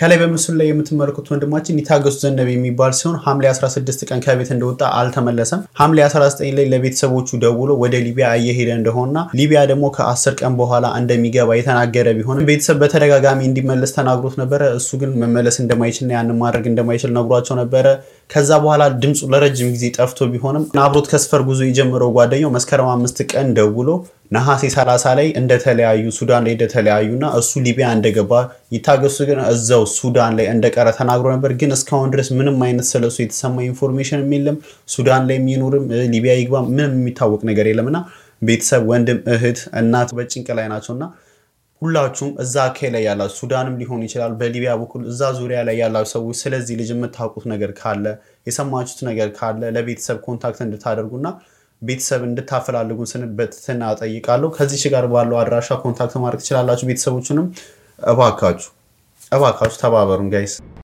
ከላይ በምስሉ ላይ የምትመለከቱት ወንድማችን ይታገሱ ዘነበ የሚባል ሲሆን ሐምሌ 16 ቀን ከቤት እንደወጣ አልተመለሰም። ሐምሌ 19 ላይ ለቤተሰቦቹ ደውሎ ወደ ሊቢያ እየሄደ እንደሆነና ሊቢያ ደግሞ ከ10 ቀን በኋላ እንደሚገባ የተናገረ ቢሆንም ቤተሰብ በተደጋጋሚ እንዲመለስ ተናግሮት ነበረ። እሱ ግን መመለስ እንደማይችልና ያንን ማድረግ እንደማይችል ነግሯቸው ነበረ። ከዛ በኋላ ድምፁ ለረጅም ጊዜ ጠፍቶ ቢሆንም አብሮት ከስፈር ጉዞ የጀመረው ጓደኛው መስከረም አምስት ቀን ደውሎ ነሐሴ 30 ላይ እንደተለያዩ ሱዳን ላይ እንደተለያዩና እሱ ሊቢያ እንደገባ ይታገሱ ግን እዛው ሱዳን ላይ እንደቀረ ተናግሮ ነበር። ግን እስካሁን ድረስ ምንም አይነት ስለሱ የተሰማ ኢንፎርሜሽን የለም። ሱዳን ላይ የሚኖርም ሊቢያ ይግባ ምንም የሚታወቅ ነገር የለምና ቤተሰብ፣ ወንድም፣ እህት፣ እናት በጭንቅ ላይ ናቸውና ሁላችሁም እዛ ከ ላይ ያላችሁ ሱዳንም ሊሆን ይችላል፣ በሊቢያ በኩል እዛ ዙሪያ ላይ ያላችሁ ሰዎች ስለዚህ ልጅ የምታውቁት ነገር ካለ የሰማችሁት ነገር ካለ ለቤተሰብ ኮንታክት እንድታደርጉና ቤተሰብ እንድታፈላልጉ ስን ጠይቃለሁ። እጠይቃለሁ። ከዚች ጋር ባለው አድራሻ ኮንታክት ማድረግ ትችላላችሁ። ቤተሰቦችንም እባካችሁ እባካችሁ ተባበሩን ጋይስ።